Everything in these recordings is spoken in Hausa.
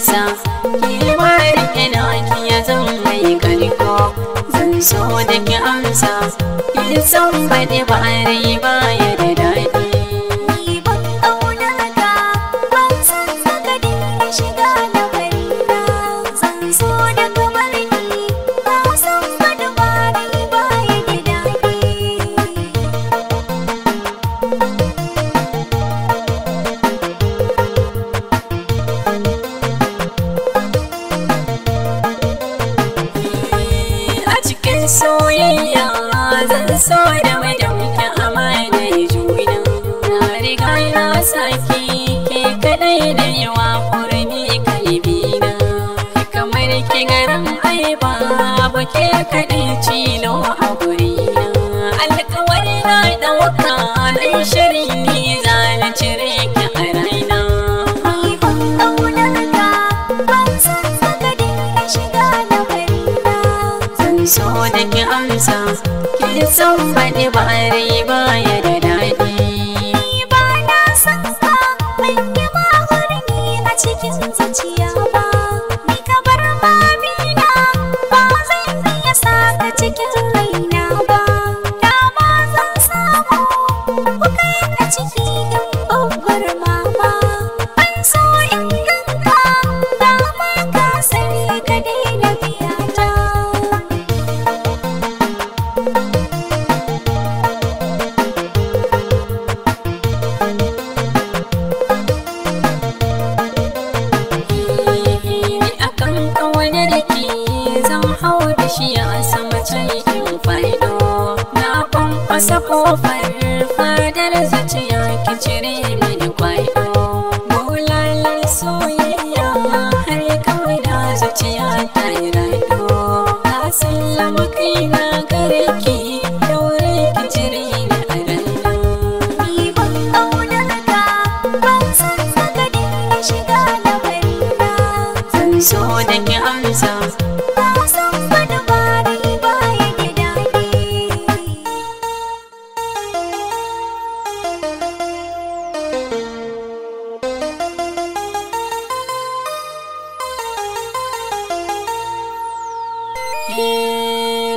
sa ki bar ki ya zan mai karko zan so da ki amsa ki san ba ba rai ba ya so da mai da muke juna na riga na saki ke kadai da yawa kurmi kalbina kamar ki garan ai ba ke kadai cilo a gurina alkawari na dauka dai shiri ni zan cire ki a raina So da ki amsa da faɗi ba baya da daɗi ba na san sa ban yi ba a cikin zuciya off fine.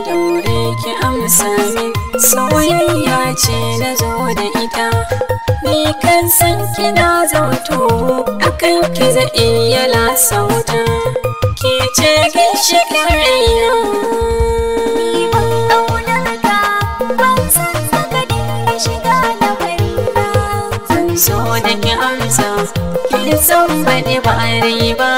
da wuri ki amsa min soyayya ce na zo da ita ni kan san kina zautu akan ki za iya lasa wuta ki ce ginshikin raina so da ki amsa ki san bane ba riba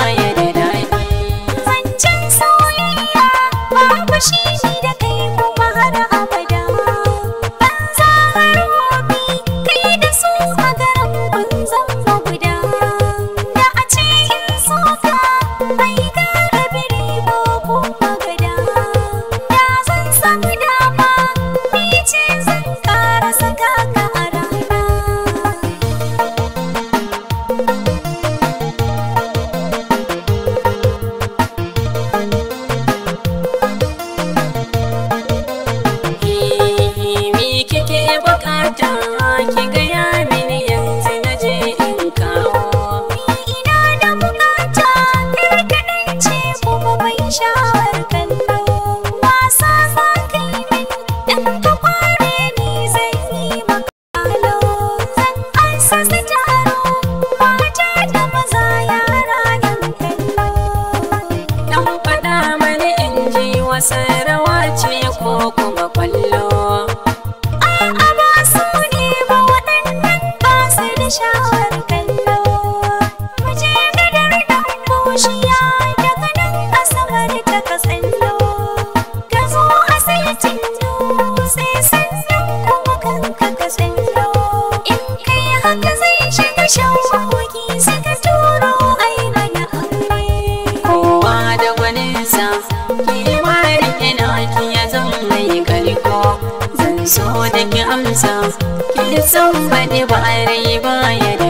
amsa ki san ba rai ba ya